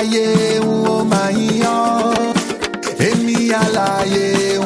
alààyè ń ó máa yín èmi alààyè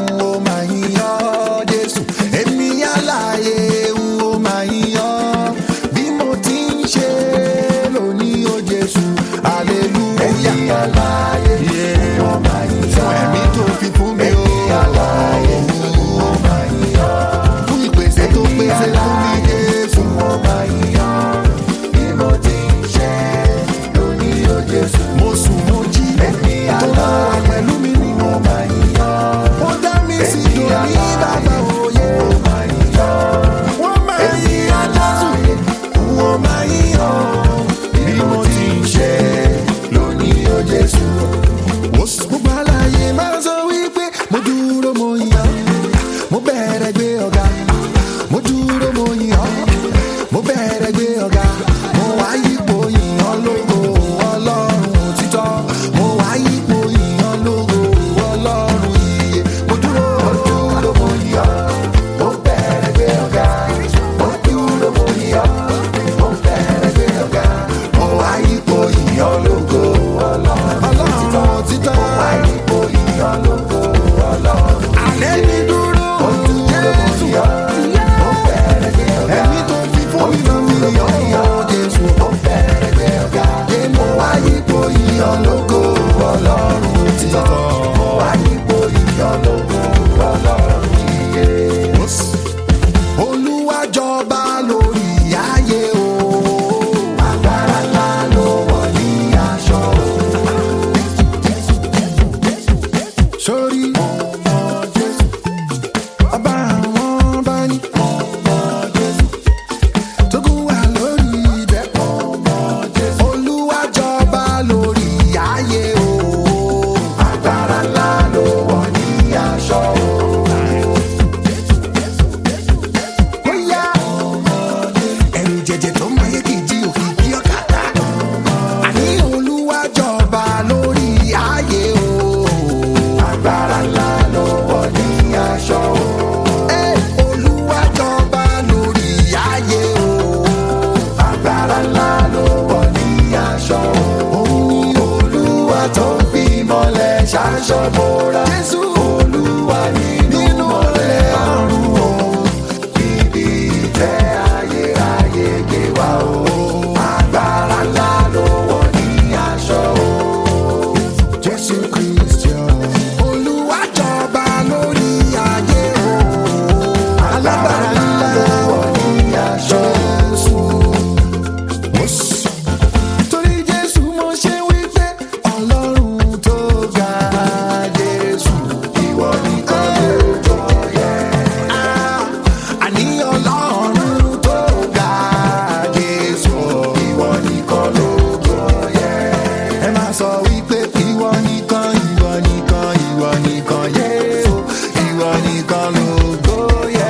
calor Yeah.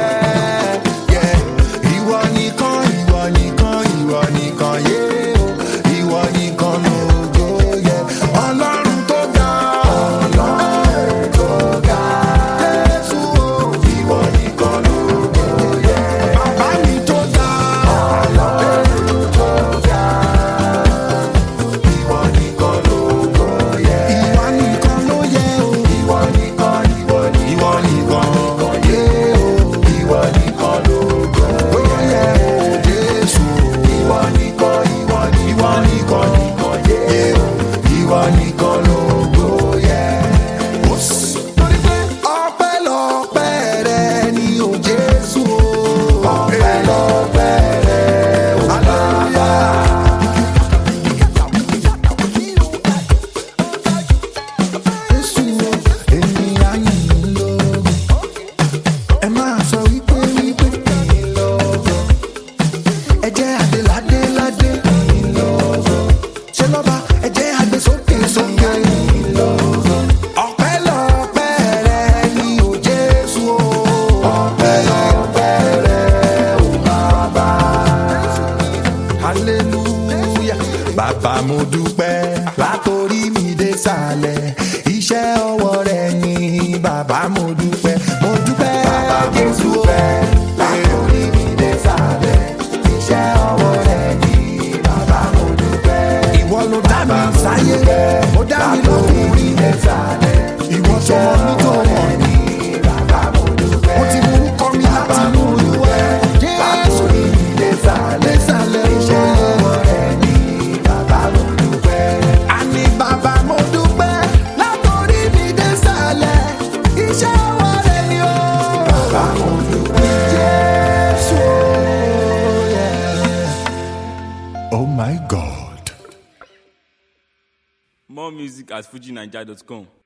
bàbá mo dúpẹ́ látòrí mi dé sàlẹ̀ iṣẹ́ ọwọ́ rẹ̀ ni bàbá mo dúpẹ́ mo dúpẹ́ Jésù o látòrí mi dé sàlẹ̀ iṣẹ́ sáyé mo dá mi more music at fujinaija.com.